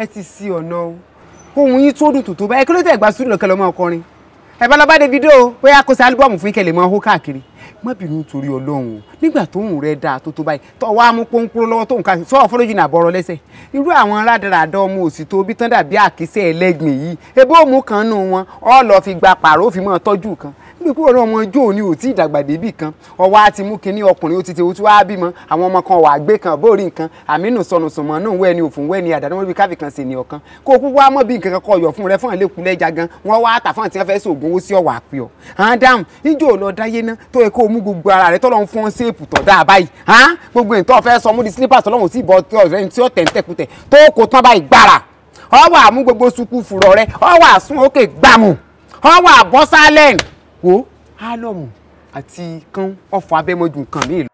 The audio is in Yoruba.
ẹ ti si ọ̀nà o ohun yín tó dùn tó tó báyìí kí ló tẹ̀ gba sùúrù lọ́kẹ́ lọ́mọ ọkọrin ẹ bá lọ bá Davido bóyá kó ṣe álúbọ̀mù fún ikẹ̀lẹ̀ mọ́ ọ̀hún káàkiri má bínú torí ọlọ́run o nígbà tóun rẹ dáa tó tó báyìí tó wá mú pọ́npọ́n lọ́wọ́ tóun ká sọ ọ̀fọ́lójú ní àbọ̀rọ̀ lẹ́sẹ̀ irú àwọn aládàáda ọmọ òsì tó bí tán dàbí àkísẹ́ ẹlẹ́gbìn yìí ebó òmù kan nù wọn ọ lọ fi gba pààrọ̀ òfin mọ́ tọ́jú kan bí kúrò náà ọmọ ijó òní ò tí ì débì kan ọwọ́ á mú kinní ọkùnrin ó ti ti otú á bímọ àwọn ọmọ kan wà gbé kan bóòrí nǹkan àmínú sọnù sùnmọ́ náà wẹ́ ni òfin wẹ́ ni àdánù wọn bí káfí kan sì ní ọ̀kan kó kúkú wá mọ́ bí nǹkan kan kọ ọ̀yọ̀ fún rẹ fún àlékún lẹ́jà gan wọ́n wá tà fún àti wọn fẹ́ sògùn owó sí ọ̀wà àpè hàn dáhùn ijó lọ dáyé ná tó yẹ kó o mú àsún òkè gbàmù ọwọ́ àbọ́sálẹ̀ wo álọ̀mù àti kán ọ̀fọ̀ abẹ́mọ́jú nǹkan mi